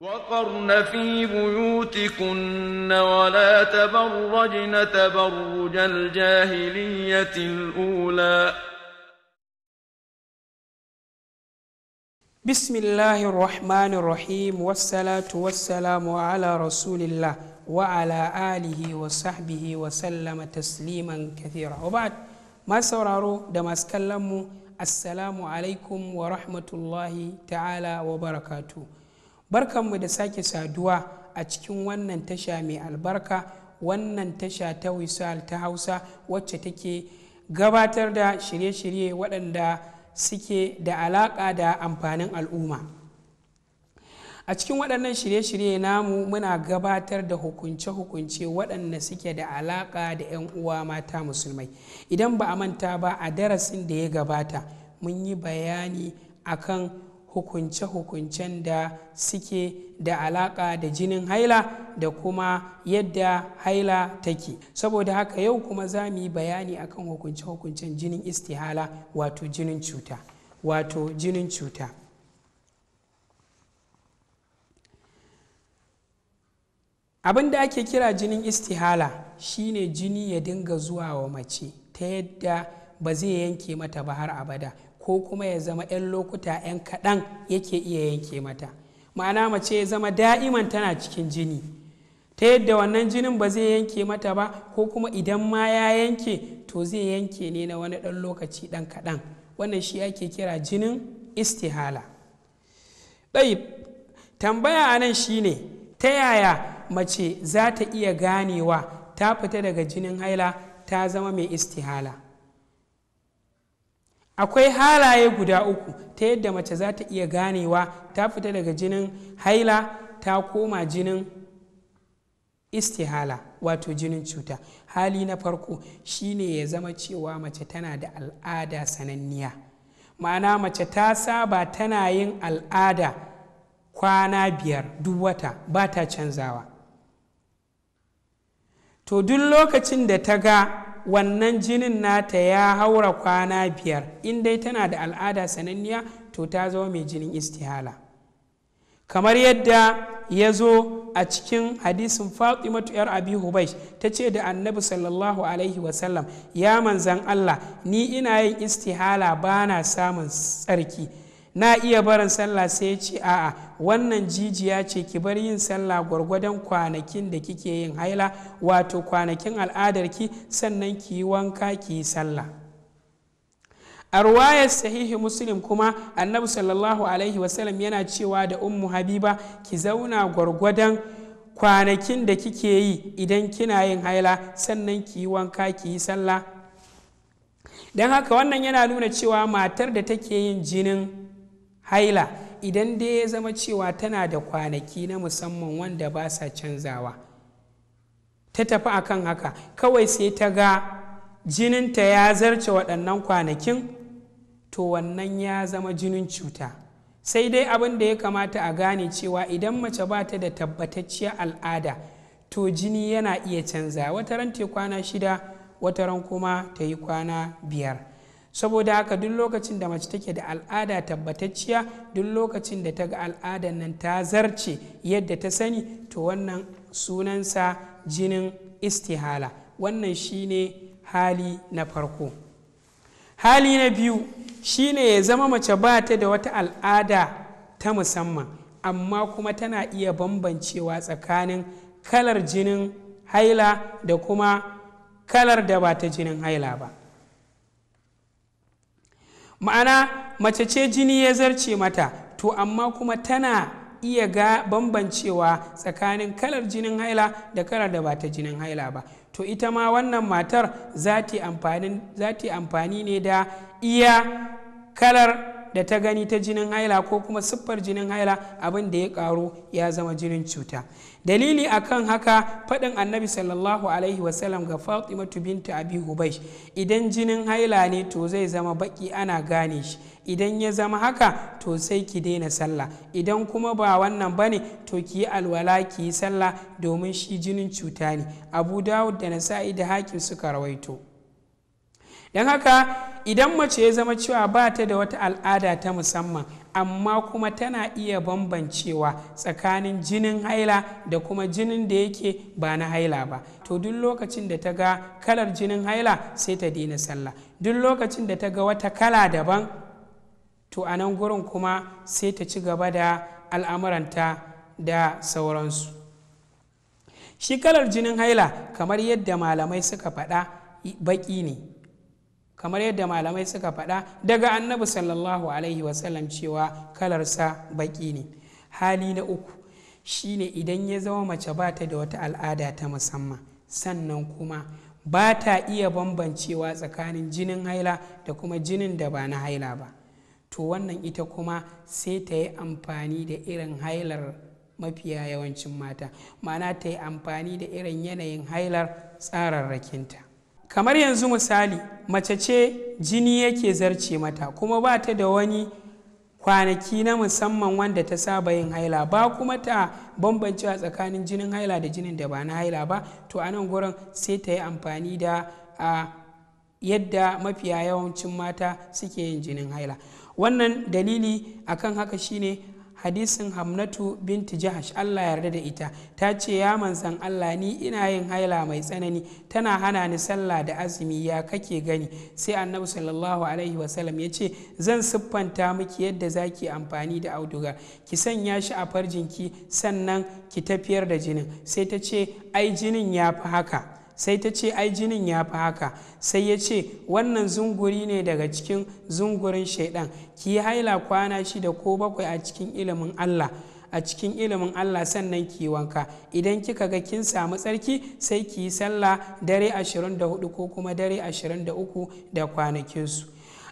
وقرن في بيوتكن ولا تبرجن تبرج الجاهلية الأولى بسم الله الرحمن الرحيم والصلاة والسلام على رسول الله وعلى آله وصحبه وسلم تسليما كثيرا وبعد ما سورارو دماس السلام عليكم ورحمة الله تعالى وبركاته barkanmu da sake saduwa a cikin wannan tasha mai albarka wannan tasha ta wisal ta hausa wacce take gabatar da shirye-shirye waɗanda suke da alaƙa da amfanin al'umma a cikin waɗannan shirye-shirye namu muna gabatar da hukunce-hukunce waɗanda suke da alaƙa da 'yan uwa mata musulmai idan ba a manta ba a darasin da ya gabata mun yi bayani akan hukunce-hukuncen da suke da alaka da jinin haila da kuma yadda haila take saboda haka yau kuma za mu yi bayani akan hukunce-hukuncen jinin istihala wato jinin cuta wato jinin cuta abin da ake kira jinin istihala shine jini ya dinga zuwa wa mace ta yadda ba zai yanke mata ba har abada ko kuma ya zama 'yan lokuta 'yan kaɗan yake iya yanke mata ma'ana mace ya zama da'iman tana cikin jini ta yadda wannan jinin ba zai yanke mata ba ko kuma idan ma ya yanke to zai yanke ne na wani ɗan lokaci ɗan kaɗan wannan shi ake kira jinin istihala ɗai tambaya a nan shi ne ta yaya mace za ta iya ganewa ta fita daga jinin haila ta zama mai istihala akwai halaye guda uku ta yadda mace za ta iya ganewa ta fita daga jinin haila ta koma jinin istihala wato jinin cuta hali na farko shine ya zama cewa mace tana da al'ada sananniya ma'ana mace ta saba tana yin al'ada kwana biyar duk wata ba ta canzawa to duk lokacin da ta ga wannan jinin nata ya haura kwana biyar in dai tana da al'ada sananniya to ta zama mai jinin istihala kamar yadda ya zo a cikin hadisin fatimatu yar abi hubaish ta ce da annabi sallallahu alaihi wasallam ya manzan allah ni ina yin istihala bana samun tsarki na iya barin sallah sai ya ce a'a wannan jijiya ce ki bar yin sallah gwargwadon kwanakin da kike yin haila wato kwanakin al'adarki sannan ki yi wanka ki yi sallah a ruwayar sahihi muslim kuma annabi sallallahu alaihi wasallam yana cewa da ummu habiba ki zauna gwargwadon kwanakin da kike yi idan kina yin haila sannan ki yi wanka ki yi sallah don haka wannan yana nuna cewa matar da take yin jinin haila idan dai ya zama cewa tana da kwanaki na musamman wanda ba sa canzawa ta tafi akan haka kawai sai ta ga jininta ya zarce waɗannan kwanakin to wannan ya zama jinin cuta sai dai abin da ya kamata a gane cewa idan mace ba ta da tabbatacciyar al'ada to jini yana iya canza wata ta kwana shida wataran kuma ta yi kwana biyar saboda haka duk lokacin da mace take da al'ada tabbatacciya duk lokacin da ta ga al'adan nan ta zarce yadda ta sani to wannan sunansa jinin istihala wannan shine hali na farko hali na biyu shine ya zama mace ba ta da wata al'ada ta musamman amma kuma tana iya bambancewa tsakanin kalar jinin haila da kuma kalar da ba ta jinin haila ba ma'ana mace ce jini ya zarce mata to amma kuma tana iya ga bambancewa tsakanin kalar jinin haila da kalar da ba ta jinin haila ba to ita ma wannan matar za ta amfani ne da iya kalar da ta gani ta jinin haila ko kuma siffar jinin haila abin da ya karo ya zama jinin cuta dalili akan haka faɗin annabi sallallahu alaihi wasallam ga fatimatu binta abi hubaish idan jinin haila ne to zai zama baki ana gane shi idan ya zama haka to sai ki daina sallah idan kuma ba wannan ba ne to ki yi alwala ki yi sallah domin shi jinin cuta ne abu dawud da nasa'i da hakim suka rawaito don haka idan mace ya zama cewa ba ta da wata al'ada ta musamman amma kuma tana iya bambancewa tsakanin jinin haila da kuma jinin da yake ba na haila ba to duk lokacin da ta ga kalar jinin haila sai ta daina sallah duk lokacin da ta ga wata kala daban to a nan gurin kuma sai ta ci gaba da al'amuranta da sauransu shi kalar jinin haila kamar yadda malamai suka faɗa baƙi ne kamar yadda malamai suka faɗa daga annabi sallallahu alaihi wasallam cewa kalarsa baƙi ne hali na uku shine idan ya zama mace ba ta da wata al'ada ta musamman sannan kuma ba ta iya bambancewa tsakanin jinin haila da kuma jinin da ba na haila ba to wannan ita kuma sai ta yi amfani da irin hailar mafiya yawancin mata ma'ana ta yi amfani da irin yanayin hailar tsararrakinta kamar yanzu misali mace ce jini yake zarce mata kuma ba ta da wani kwanaki na musamman wanda ta saba yin haila ba kuma ta bambancewa tsakanin jinin haila da jinin da ba na haila ba to a nan gurin sai ta yi amfani da a yadda mafiya yawancin mata suke yin jinin haila wannan dalili akan haka shine hadisin hamnatu binti jahash allah yarda da ita ta ce ya manzan allah ni ina yin haila mai tsanani tana hana ni sallah da azumi ya kake gani sai annabi sallallahu alaihi wasallam ya ce zan siffanta miki yadda zaki ki amfani da auduga ki sanya shi a farjinki sannan ki tafiyar da jinin sai ta ce ai jinin ya fi haka sai ta ce ai jinin ya fi haka sai ya ce wannan zunguri ne daga cikin zungurin shaidan ki yi haila kwana shida ko bakwai a cikin ilimin allah a cikin ilimin Allah sannan ki wanka idan kika ga kin samu tsarki sai ki yi sallah dare 24 ko kuma dare 23 da kwanakinsu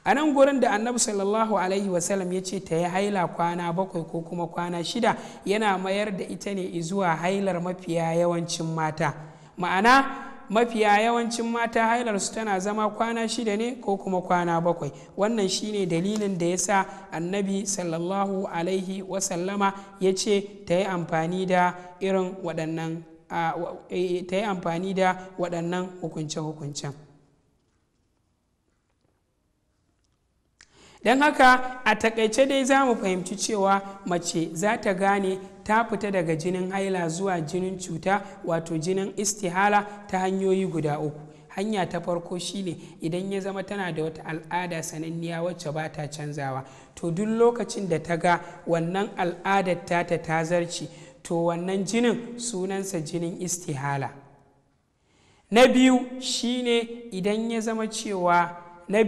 a nan gurin da annabi sallallahu alaihi wasallam ya ce ta yi haila kwana bakwai ko kuma kwana shida yana mayar da ita ne zuwa hailar mafiya yawancin mata ma'ana mafiya yawancin mata hailarsu tana zama kwana shida ne ko kuma kwana bakwai wannan shine dalilin da ya sa annabi sallallahu alaihi wasallama ya ce ta yi amfani da irin waɗannan e, e, ta yi amfani da waɗannan hukunce-hukuncen don haka a takaice dai za mu fahimci cewa mace za ta gane ta fita daga jinin haila zuwa jinin cuta wato jinin istihala ta hanyoyi guda uku hanya ta farko shine idan ya zama tana da wata al'ada sananniya wacce ba ta canzawa to duk lokacin da ta ga wannan al'adar ta ta zarci to wannan jinin sunansa jinin istihala na biyu shine idan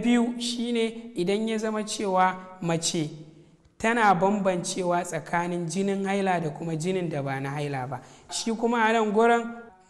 biyu shine idan ya zama cewa mace tana bambancewa tsakanin jinin haila da kuma jinin da ba na haila ba shi kuma a nan gurin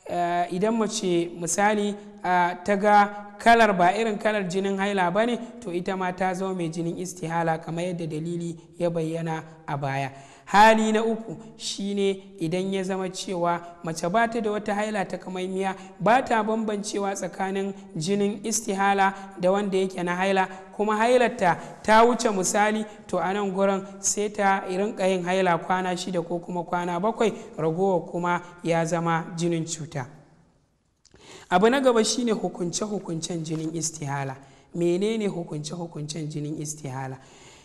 eh, idan mace misali ta ga kalar ba irin kalar jinin haila ba ne to ita ma ta zama mai jinin istihala kamar yadda dalili ya bayyana a baya hali na uku shine idan ya zama cewa mace ba ta da wata haila ta kamaimiya ba ta bambancewa tsakanin jinin istihala da wanda yake na haila kuma hailarta ta wuce misali to a nan gurin sai ta rinka yin haila kwana shida ko kuma kwana bakwai ragowa kuma ya zama jinin cuta abu na gaba shine hukunce-hukuncen jinin istihala menene hukunce-hukuncen jinin istihala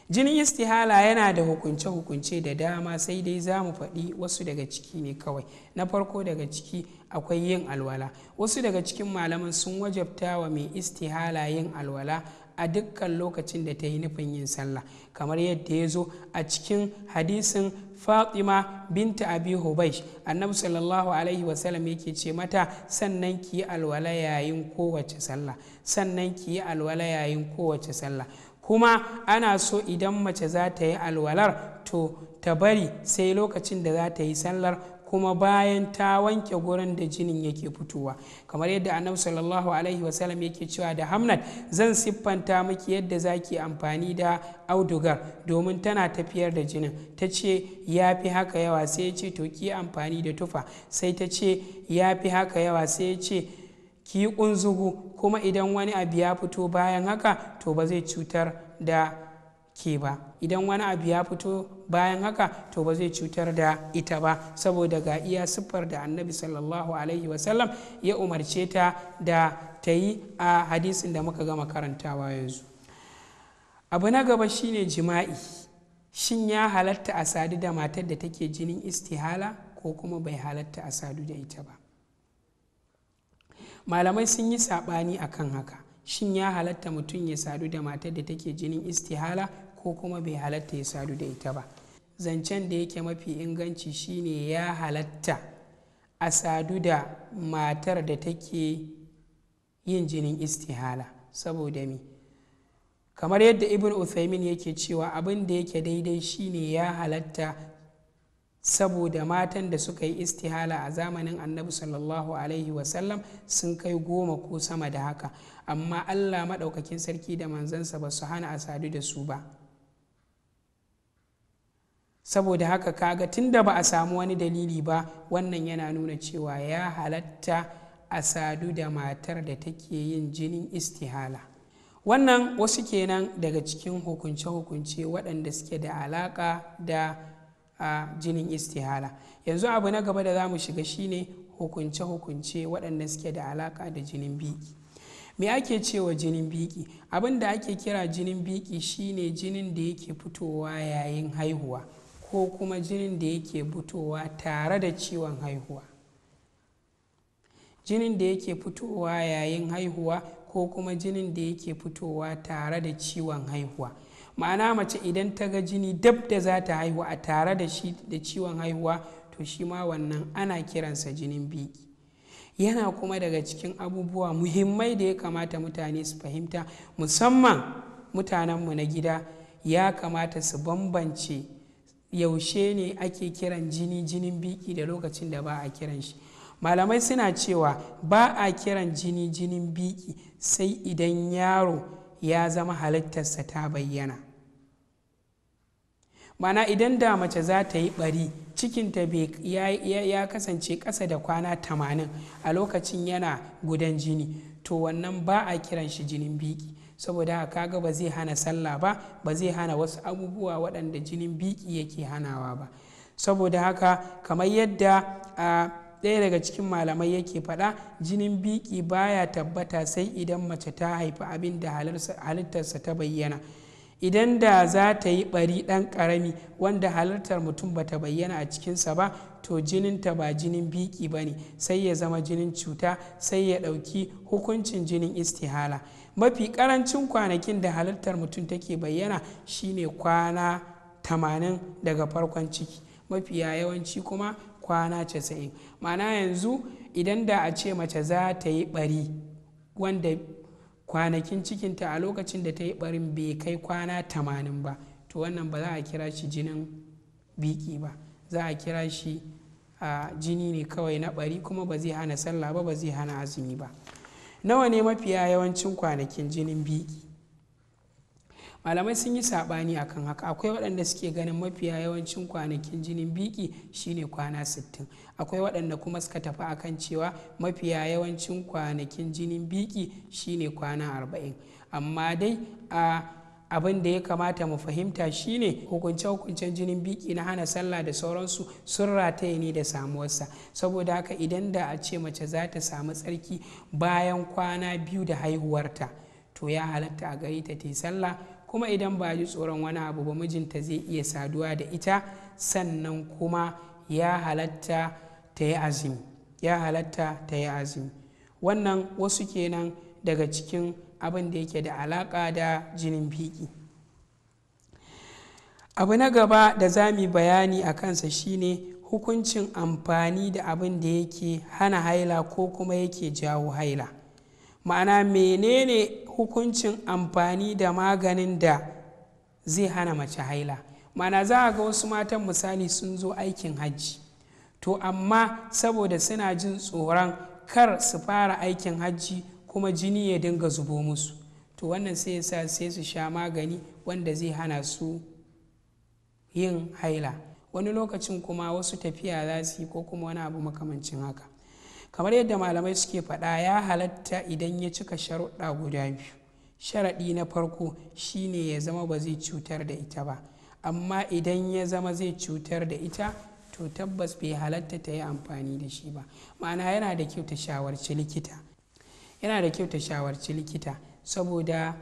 jinin istihala yana da hukunce-hukunce da dama sai dai za mu faɗi wasu daga ciki ne kawai na farko daga ciki akwai yin alwala wasu daga cikin malaman sun wajabta wa mai istihala yin alwala a dukkan lokacin da ta yi nufin yin sallah kamar yadda ya zo a cikin hadisin fatima binta abi hubaish annabi sallallahu alaihi wasallam yake ce mata sannan ki yi alwala yayin kowace sallah sannan ki alwala yayin kowace sallah kuma ana so idan mace za ta yi alwalar to ta bari sai lokacin da za ta yi sallar kuma bayan ta wanke gurin da jinin yake fitowa kamar yadda annabi sallallahu alaihi wasallam yake cewa da hamnat zan siffanta miki yadda zaki amfani da audugar domin tana tafiyar da jinin ta ce ya fi haka yawa sai ya ce to ki amfani da tufa sai ta ce ya fi haka yawa sai ya ce ki yi ƙunzugu kuma idan wani abu ya fito bayan haka to ba zai cutar da ke ba idan wani abu ya fito bayan haka to ba zai cutar da ita ba saboda ga iya siffar da annabi sallallahu alaihi wasallam ya umarce ta da ta yi a hadisin da muka gama karantawa yanzu abu na gaba shine jima'i shin ya halatta a sadu da matar da take jinin istihala ko kuma bai halatta a sadu da ita ba malamai sun yi saɓani kan haka shin ya halatta mutum ya sadu da matar da take jinin istihala ko kuma bai halatta ya sadu da ita ba zancen da yake mafi inganci shine ya halatta a sadu da matar da take yin jinin istihala saboda mi kamar yadda ibn uthaymin yake cewa abin da yake daidai shine ya halatta saboda matan da suka yi istihala a zamanin annabi sallallahu alaihi wasallam sun kai goma ko sama da haka amma allah maɗaukakin sarki da manzansa ba su hana asadu da su ba saboda haka kaga tunda ba a samu wani dalili ba wannan yana nuna cewa ya halatta a sadu da matar da take yin jinin istihala wannan wasu kenan daga cikin hukunce-hukunce waɗanda suke da alaƙa da a jinin istihala yanzu abu na gaba da za mu shiga shine hukunce-hukunce waɗanda suke da alaka da jinin biki me ake cewa jinin biki abin da ake kira jinin biki shine jinin da yake fitowa yayin haihuwa ko kuma jinin da yake fitowa tare da ciwon haihuwa jinin da yake fitowa yayin haihuwa ko kuma jinin da yake fitowa tare da ciwon haihuwa ma'ana mace idan ta ga jini dab da za ta haihu a tare da shi da ciwon haihuwa to shi ma wannan ana kiransa jinin biki yana kuma daga cikin abubuwa muhimmai da ya kamata mutane su fahimta musamman mutanenmu na gida ya kamata su bambance yaushe ne ake kiran jini jinin biki da lokacin da ba a kiran shi malamai suna cewa ba a kiran jini jinin biki sai idan yaro ya zama halittarsa ta bayyana mana idan da mace za ta yi bari cikinta ya, ya, kasance ƙasa da kwana tamanin a lokacin yana gudan jini to wannan ba a kiran shi jinin biki saboda haka kaga ba zai hana sallah ba ba zai hana wasu abubuwa waɗanda jinin biki yake hanawa ba saboda haka kamar yadda a ah, ɗaya daga cikin malamai yake faɗa jinin biki baya tabbata sai idan mace ta haifi abin da halittarsa ta bayyana idan da za ta yi bari ɗan ƙarami wanda halittar mutum ba ta bayyana a cikinsa ba to jininta ba jinin biki ba ne sai ya zama jinin cuta sai ya ɗauki hukuncin jinin istihala mafi ƙarancin kwanakin da halittar mutum take bayyana shine kwana 80 daga farkon ciki mafiya yawanci kuma kwana casa'in ma'ana yanzu idan da a ce mace za ta yi bari wanda kwanakin cikinta a lokacin da ta yi barin bai kai kwana tamanin ba to wannan ba za a kira shi jinin biki ba za a kira shi a jini ne kawai na bari kuma ba zai hana sallah ba ba zai hana azumi ba nawa ne mafiya yawancin kwanakin jinin biki malamai sun yi saɓani akan haka akwai waɗanda suke ganin mafiya yawancin kwanakin jinin biki shine kwana 60 akwai waɗanda kuma suka tafi akan cewa mafiya yawancin kwanakin jinin biki shine kwana 40 amma dai a abin da ya kamata mu fahimta shine hukunce-hukuncen jinin biki na hana sallah da sauransu sun rataye ne da samuwarsa saboda haka idan da a ce mace za ta samu tsarki bayan kwana biyu da haihuwarta to ya halatta a gari ta sallah kuma idan ba ji tsoron wani abu ba mijinta zai iya saduwa da ita sannan kuma ya halatta ta yi azumi ya halatta ta yi azumi wannan wasu kenan daga cikin abin da yake da alaƙa da jinin biki abu na gaba da za mu bayani a kansa shine hukuncin amfani da abin da yake hana haila ko kuma yake jawo haila ma'ana menene hukuncin amfani da maganin da zai hana mace haila ma'ana za a ga wasu matan misali sun zo aikin hajji to amma saboda suna jin tsoron kar su fara aikin hajji kuma jini ya dinga zubo musu to wannan sai sa sai su sha magani wanda zai hana su yin haila wani lokacin kuma wasu tafiya za su yi ko kuma wani abu makamancin haka kamar yadda malamai suke faɗa ya halatta idan ya cika sharuɗa guda biyu sharaɗi na farko shine ya zama ba zai cutar da ita ba amma idan ya zama zai cutar da ita to tabbas bai halatta ta yi amfani da shi ba ma'ana yana da kyau ta shawarci likita yana da kyau ta shawarci likita saboda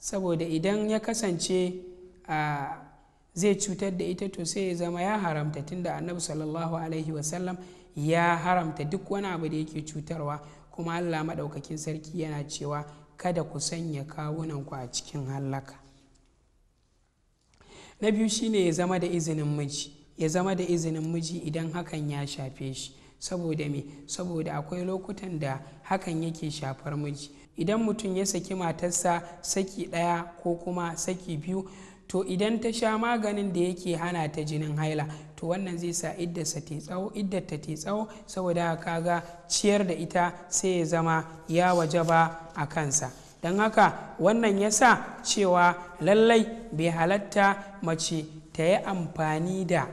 saboda idan ya kasance zai cutar da ita to sai ya zama ya haramta tunda annabi sallallahu alaihi wasallam ya haramta duk wani abu da yake cutarwa kuma allah maɗaukakin sarki yana cewa kada ku sanya kawunanku a cikin hallaka na biyu shine ya zama da izinin miji ya zama da izinin miji idan hakan ya shafe shi saboda me saboda akwai lokutan da hakan yake shafar miji idan mutum ya saki matarsa saki ɗaya ko kuma saki biyu to idan ta sha maganin da yake hana ta jinin haila to wannan zai sa iddarsa ta tsawo saboda haka kaga ciyar da ita sai ya zama ya waje ba a kansa don haka wannan ya sa cewa lallai bai halatta mace ta yi amfani da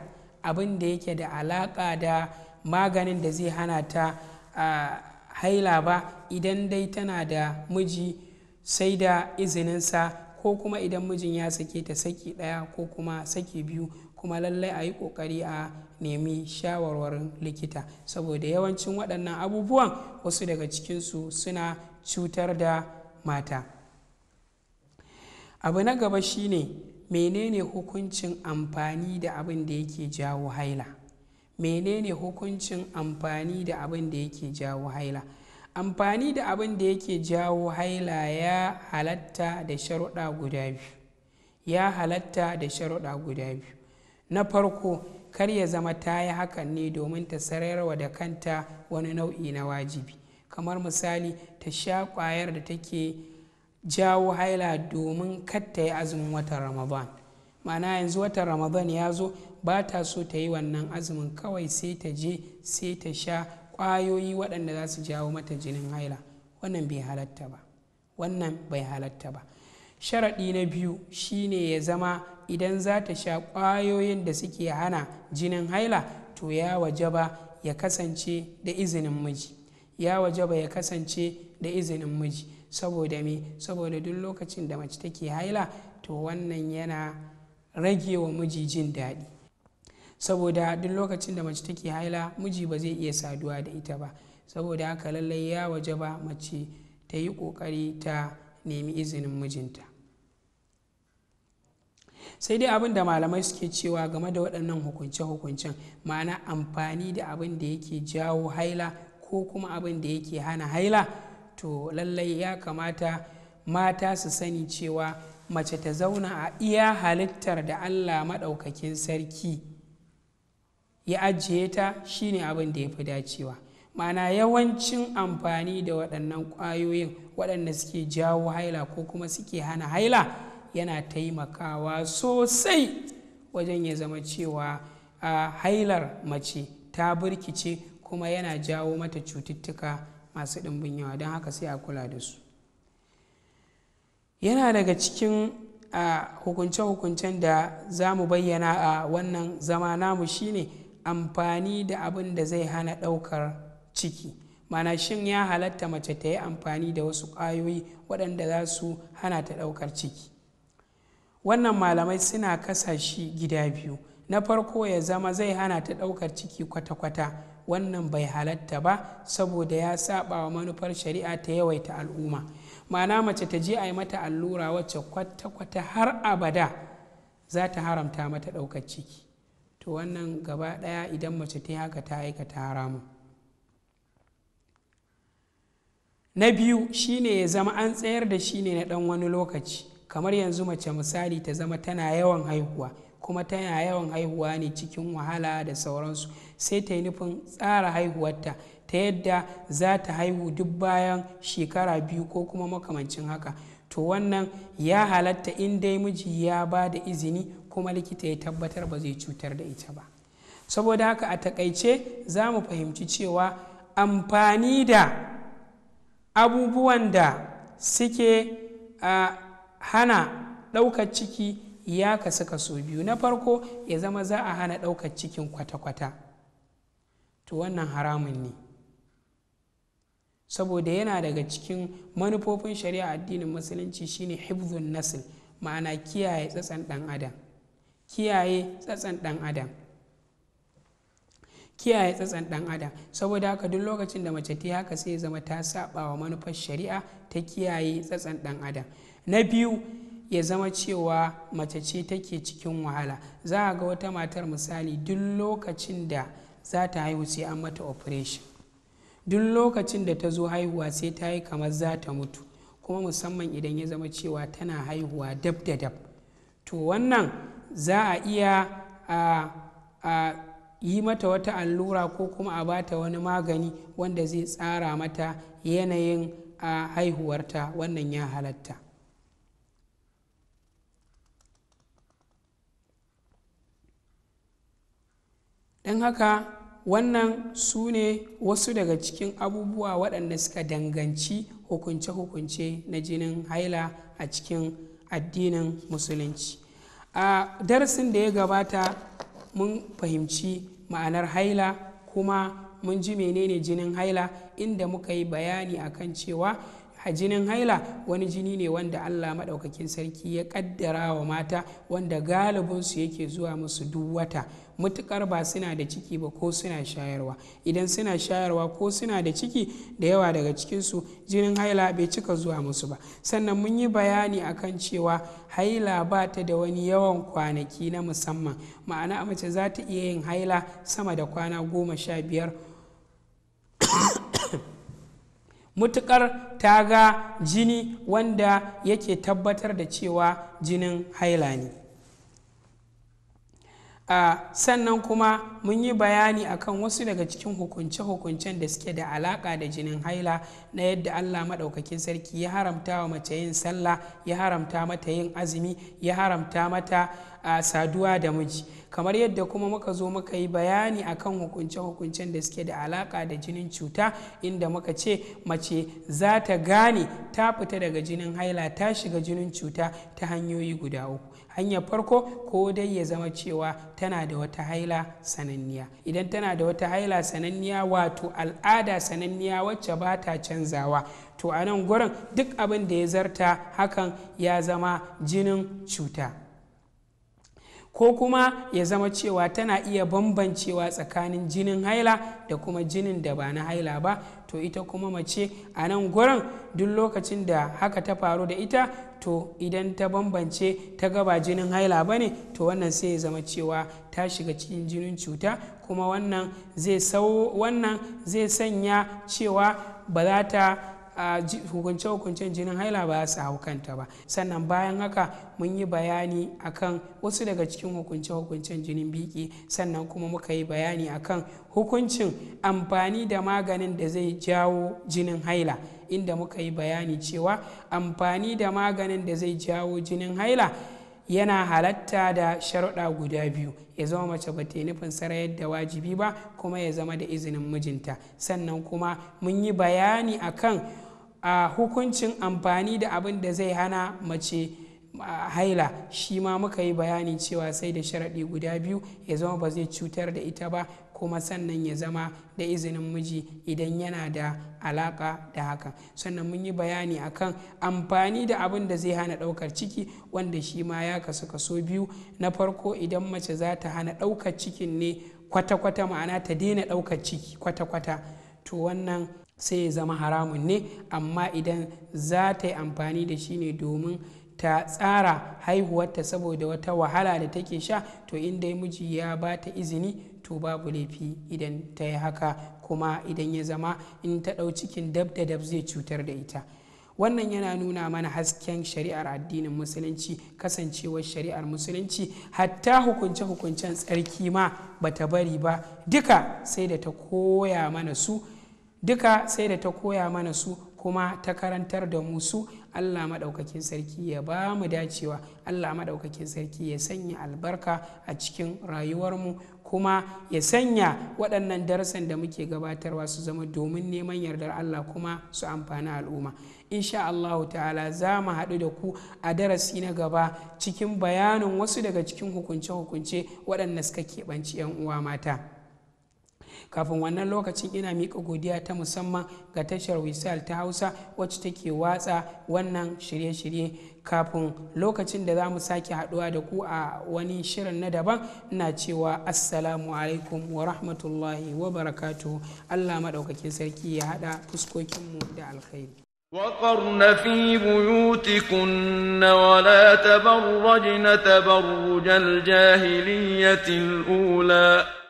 abin da yake da alaƙa da maganin da zai hana ta haila ba idan dai tana da miji sai da izininsa ko kuma idan mijin ya sake ta saki ɗaya ko kuma saki biyu kuma lallai a yi ƙoƙari a nemi shawarwarin likita saboda yawancin waɗannan abubuwan wasu daga cikinsu suna cutar da mata abu na gaba shine menene hukuncin amfani da abin da yake jawo haila menene hukuncin amfani da abin da yake jawo haila amfani da abin da yake jawo haila ya halatta da sharuɗa guda biyu ya halatta da sharuɗa guda biyu na farko kar ya zama ta yi hakan ne domin ta sararwa da kanta wani nau'i na wajibi kamar misali ta sha kwayar da take jawo haila domin kar ta yi azumin watan ramadan ma'ana yanzu watan ramadan ya zo ba ta so ta yi wannan azumin kawai sai ta je sai ta sha ƙwayoyi waɗanda za su jawo mata jinin haila wannan bai halatta ba wannan bai halatta ba sharaɗi na biyu shine ya zama idan za ta sha ƙwayoyin da suke hana jinin haila to ya wajaba ya kasance da izinin miji ya wajaba ya kasance da izinin miji saboda me saboda duk lokacin da mace take haila to wannan yana rage wa miji jin daɗi saboda duk lokacin da mace take haila miji ba zai iya saduwa da ita ba saboda haka lallai ya wajaba mace ta yi ƙoƙari ta nemi izinin mijinta sai dai abin da malamai suke cewa game da waɗannan hukunce-hukuncen ma'ana amfani da abin da yake jawo haila ko kuma abin da yake hana haila to lallai ya kamata mata su sani cewa mace ta zauna a iya halittar da allah maɗaukakin sarki ya ajiye ta shine abin da ya fi dacewa ma'ana yawancin amfani da waɗannan ƙwayoyin waɗanda suke jawo haila ko kuma suke hana haila yana taimakawa sosai wajen ya zama cewa a hailar mace ta birkice kuma yana jawo mata cututtuka masu ɗimbin yawa don haka sai a kula da su yana daga cikin hukunce-hukuncen da za mu bayyana a wannan zama namu shine amfani da abin da zai hana ɗaukar ciki mana shin ya halatta mace ta yi amfani da wasu ƙwayoyi waɗanda za su hana ta ɗaukar ciki wannan malamai suna kasashi gida biyu na farko ya zama zai hana ta ɗaukar ciki kwata-kwata wannan bai halatta ba saboda ya saba wa manufar shari'a ta yawaita al'umma ma'ana mace ta je a yi mata allura wacce kwata-kwata har abada za ta haramta mata ɗaukar ciki to wannan gaba ɗaya idan mace ta yi haka ta aikata haramu. na biyu shine ya zama an tsayar da shi ne na ɗan wani lokaci kamar yanzu mace misali ta zama tana yawan haihuwa kuma tana yawan haihuwa ne cikin wahala da sauransu sai ta yi nufin tsara haihuwarta ta yadda za ta haihu duk bayan shekara biyu ko kuma makamancin haka to wannan ya halatta in dai miji ya ba da izini kuma likita ya tabbatar ba zai cutar da ita ba saboda haka a takaice za mu fahimci cewa amfani da abubuwan da suke a ah, hana ɗaukar ciki ya kasu kaso biyu na farko ya zama za a hana ɗaukar cikin kwata-kwata to wannan haramun ne saboda yana daga cikin manufofin shari'a addinin musulunci shine hibzun nasl ma'ana kiyaye tsatsan ɗan adam kiyaye tsatsan ɗan adam kiyaye tsatsan ɗan adam saboda haka duk lokacin da mace ta haka sai zama ta saba wa manufar shari'a ta kiyaye tsatsan ɗan adam na biyu ya zama cewa mace ce take cikin wahala za a ga wata matar misali duk lokacin da za ta haihu sai an mata operation duk lokacin da ta zo haihuwa sai ta yi kamar za ta mutu kuma musamman idan ya zama cewa tana haihuwa dab da dab to wannan za a iya a, yi mata wata allura ko kuma a bata wani magani wanda zai tsara mata yanayin a haihuwarta wannan ya halatta don haka wannan su ne wasu daga cikin abubuwa waɗanda suka danganci hukunce-hukunce na jinin haila a cikin addinin musulunci a darasin da ya gabata mun fahimci ma'anar haila kuma mun ji menene jinin haila inda muka yi bayani akan cewa A jinin haila wani jini ne wanda allah maɗaukakin sarki ya ƙaddara wa mata wanda galibinsu yake zuwa musu duk wata mutukar ba suna da ciki ba ko suna shayarwa idan suna shayarwa ko suna da ciki da yawa daga cikinsu jinin haila bai cika zuwa musu ba sannan mun yi bayani akan cewa haila ba ta da wani yawan kwanaki na musamman ma'ana mace za ta iya yin haila sama da kwana goma sha biyar mutukar ta ga jini wanda yake tabbatar da cewa jinin haila ne a sannan kuma mun yi bayani akan wasu daga cikin hukunce-hukuncen da suke da alaka da jinin haila na yadda allah maɗaukakin sarki ya haramta wa mace yin sallah ya haramta mata yin azumi ya haramta mata saduwa da miji kamar yadda kuma muka zo muka yi bayani a kan hukunce-hukuncen da suke da alaka da jinin cuta inda muka ce mace za ta gane ta fita daga jinin haila ta shiga jinin cuta ta hanyoyi guda uku hanyar farko ko dai ya zama cewa tana da wata haila sananniya idan tana da wata haila sananniya wato al'ada sananniya wacce ba ta canzawa to a nan gurin duk abin da ya zarta hakan ya zama jinin cuta ko kuma ya zama cewa tana iya bambancewa tsakanin jinin haila da kuma jinin da ba na haila ba to ita kuma mace a nan gurin duk lokacin da haka ta faru da ita to idan ta bambance ta gaba jinin haila ba ne to wannan sai ya zama cewa ta shiga cikin jinin cuta kuma wannan zai sanya cewa ba za ta a hukunce-hukuncen jinin haila ba su hau kanta ba sannan bayan haka mun yi bayani akan wasu daga cikin hukunce-hukuncen jinin biki sannan kuma muka yi bayani akan hukuncin amfani da maganin da zai jawo jinin haila inda muka yi bayani cewa amfani da maganin da zai jawo jinin haila yana halatta da sharuɗa guda biyu ya zama mace ba ta nufin sarayar da wajibi ba kuma ya zama da izinin mijinta sannan kuma mun yi bayani akan a hukuncin amfani da abin da zai hana mace haila shi ma muka yi bayani cewa sai da sharaɗi guda biyu ya zama ba zai cutar da ita ba kuma sannan ya zama da izinin miji idan yana da alaƙa da haka sannan mun yi bayani akan amfani da abin da zai hana ɗaukar ciki wanda shi ma ya kasu kaso biyu na farko idan mace za ta hana ɗaukar cikin ne kwata-kwata ma'ana ta daina ɗaukar ciki kwata-kwata to wannan sai ya zama haramun ne amma idan za ta yi amfani da shi ne domin ta tsara haihuwarta saboda wata wahala da take sha to inda miji ya ba ta izini to babu laifi idan ta yi haka kuma idan ya zama in ta ɗau cikin dab da dab zai cutar da ita wannan yana nuna mana hasken shari'ar addinin musulunci kasancewar shari'ar musulunci hatta hukunce-hukuncen tsarki ma bata bari ba duka sai da ta koya mana su duka sai da ta koya mana su kuma ta karantar da mu su allah maɗaukakin sarki ya ba mu dacewa allah maɗaukakin sarki ya sanya albarka a cikin rayuwarmu kuma ya sanya waɗannan darasan da muke gabatarwa su zama domin neman yardar allah kuma su amfani al'umma insha allah ta'ala za mu haɗu da ku a darasi na gaba cikin bayanin wasu daga cikin hukunce-hukunce waɗanda suka keɓanci 'yan uwa mata kafin wannan lokacin ina miƙa godiya ta musamman ga tashar wisal ta hausa wacce take watsa wannan shirye-shirye kafin lokacin da za mu sake haɗuwa da ku a wani shirin na daban ina cewa assalamu alaikum wa rahmatullahi wa barakatu allah maɗaukakin sarki ya haɗa fuskokinmu da alkhairi وقرن في بيوتكن ولا تبرجن تبرج الجاهلية الأولى